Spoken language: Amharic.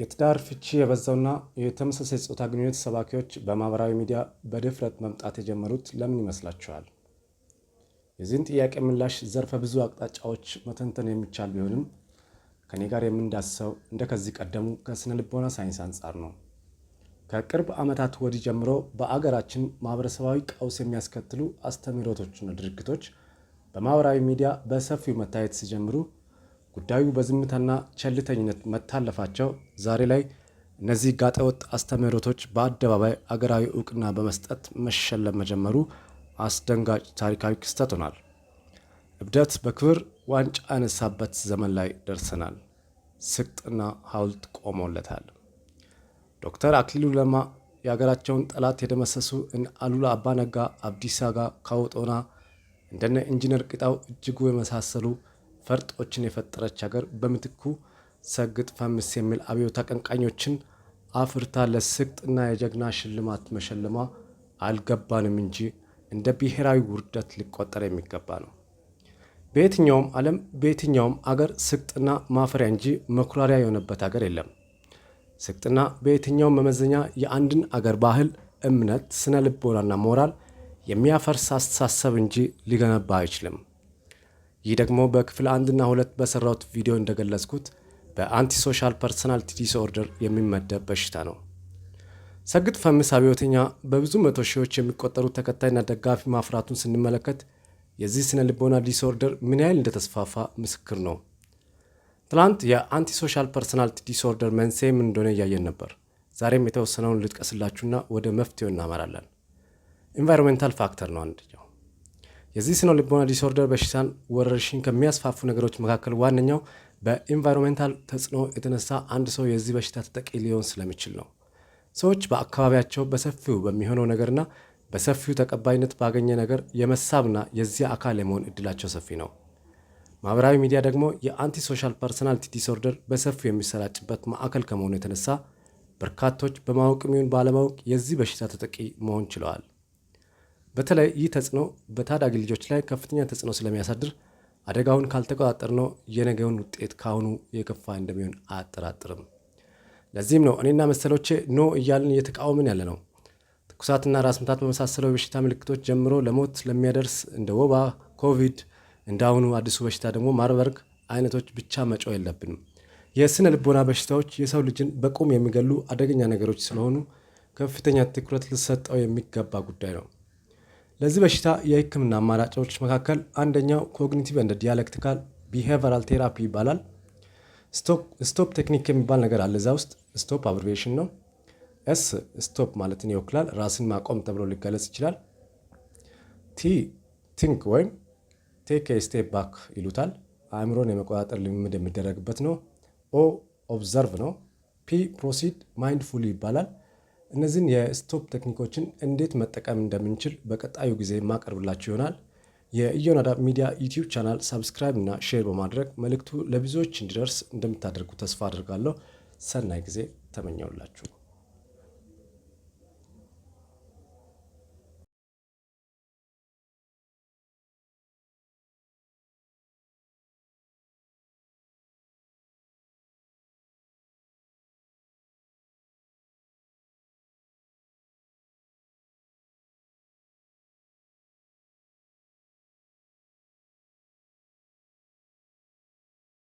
የትዳር ፍቺ የበዛውና የተመሳሳይ ጾታ ግንኙነት ሰባኪዎች በማህበራዊ ሚዲያ በድፍረት መምጣት የጀመሩት ለምን ይመስላችኋል? የዚህን ጥያቄ ምላሽ ዘርፈ ብዙ አቅጣጫዎች መተንተን የሚቻል ቢሆንም ከኔ ጋር የምንዳስሰው እንደ ከዚህ ቀደሙ ከስነ ልቦና ሳይንስ አንጻር ነው። ከቅርብ ዓመታት ወዲህ ጀምሮ በአገራችን ማህበረሰባዊ ቀውስ የሚያስከትሉ አስተምህሮቶችና ድርጊቶች በማህበራዊ ሚዲያ በሰፊው መታየት ሲጀምሩ ጉዳዩ በዝምታና ቸልተኝነት መታለፋቸው ዛሬ ላይ እነዚህ ጋጠወጥ አስተምህሮቶች በአደባባይ አገራዊ እውቅና በመስጠት መሸለም መጀመሩ አስደንጋጭ ታሪካዊ ክስተት ሆኗል። እብደት በክብር ዋንጫ ያነሳበት ዘመን ላይ ደርሰናል። ስቅጥና ሐውልት ቆሞለታል። ዶክተር አክሊሉ ለማ የሀገራቸውን ጠላት የደመሰሱ እነ አሉላ አባነጋ፣ አብዲሳ አጋ፣ ካውጦና እንደነ ኢንጂነር ቅጣው እጅጉ የመሳሰሉ ፈርጦችን የፈጠረች ሀገር በምትኩ ሰግጥ ፈምስ የሚል አብዮት አቀንቃኞችን አፍርታ ለስቅጥና የጀግና ሽልማት መሸልማ አልገባንም እንጂ እንደ ብሔራዊ ውርደት ሊቆጠር የሚገባ ነው። በየትኛውም ዓለም በየትኛውም አገር ስቅጥና ማፈሪያ እንጂ መኩራሪያ የሆነበት አገር የለም። ስቅጥና በየትኛውም መመዘኛ የአንድን አገር ባህል፣ እምነት፣ ስነ ልቦናና ሞራል የሚያፈርስ አስተሳሰብ እንጂ ሊገነባ አይችልም። ይህ ደግሞ በክፍል አንድና ሁለት በሰራሁት ቪዲዮ እንደገለጽኩት በአንቲሶሻል ፐርሰናልቲ ዲስኦርደር የሚመደብ በሽታ ነው። ሰግጥ ፈምስ አብዮተኛ በብዙ መቶ ሺዎች የሚቆጠሩ ተከታይና ደጋፊ ማፍራቱን ስንመለከት የዚህ ስነ ልቦና ዲስኦርደር ምን ያህል እንደተስፋፋ ምስክር ነው። ትላንት የአንቲሶሻል ፐርሰናልቲ ዲስኦርደር መንስኤ ምን እንደሆነ እያየን ነበር። ዛሬም የተወሰነውን ልጥቀስላችሁና ወደ መፍትሄው እናመራለን። ኢንቫይሮንሜንታል ፋክተር ነው አንደኛው። የዚህ ስነ ልቦና ዲስኦርደር በሽታን ወረርሽኝ ከሚያስፋፉ ነገሮች መካከል ዋነኛው በኢንቫይሮንሜንታል ተጽዕኖ የተነሳ አንድ ሰው የዚህ በሽታ ተጠቂ ሊሆን ስለሚችል ነው። ሰዎች በአካባቢያቸው በሰፊው በሚሆነው ነገርና በሰፊው ተቀባይነት ባገኘ ነገር የመሳብና የዚህ አካል የመሆን እድላቸው ሰፊ ነው። ማህበራዊ ሚዲያ ደግሞ የአንቲሶሻል ፐርሰናልቲ ዲስኦርደር በሰፊው የሚሰራጭበት ማዕከል ከመሆኑ የተነሳ በርካቶች በማወቅ ይሁን ባለማወቅ የዚህ በሽታ ተጠቂ መሆን ችለዋል። በተለይ ይህ ተጽዕኖ በታዳጊ ልጆች ላይ ከፍተኛ ተጽዕኖ ስለሚያሳድር አደጋውን ካልተቆጣጠርነው የነገውን ውጤት ካሁኑ የከፋ እንደሚሆን አያጠራጥርም። ለዚህም ነው እኔና መሰሎቼ ኖ እያልን እየተቃወምን ያለ ነው። ትኩሳትና ራስ ምታት በመሳሰለው የበሽታ ምልክቶች ጀምሮ ለሞት ለሚያደርስ እንደ ወባ፣ ኮቪድ፣ እንደ አሁኑ አዲሱ በሽታ ደግሞ ማርበርግ አይነቶች ብቻ መጮ የለብንም። የስነ ልቦና በሽታዎች የሰው ልጅን በቁም የሚገሉ አደገኛ ነገሮች ስለሆኑ ከፍተኛ ትኩረት ልሰጠው የሚገባ ጉዳይ ነው። ለዚህ በሽታ የህክምና አማራጮች መካከል አንደኛው ኮግኒቲቭ እንደ ዲያሌክቲካል ቢሄቨራል ቴራፒ ይባላል። ስቶፕ ቴክኒክ የሚባል ነገር አለ። እዛ ውስጥ ስቶፕ አብሪቬሽን ነው። ኤስ ስቶፕ ማለትን ይወክላል። ራስን ማቆም ተብሎ ሊገለጽ ይችላል። ቲ ቲንክ ወይም ቴክ ስቴፕ ባክ ይሉታል። አእምሮን የመቆጣጠር ልምምድ የሚደረግበት ነው። ኦ ኦብዘርቭ ነው። ፒ ፕሮሲድ ማይንድፉል ይባላል። እነዚህን የስቶፕ ቴክኒኮችን እንዴት መጠቀም እንደምንችል በቀጣዩ ጊዜ የማቀርብላችሁ ይሆናል። የኢዮናዳ ሚዲያ ዩቲዩብ ቻናል ሳብስክራይብ እና ሼር በማድረግ መልእክቱ ለብዙዎች እንዲደርስ እንደምታደርጉ ተስፋ አድርጋለሁ። ሰናይ ጊዜ ተመኘውላችሁ።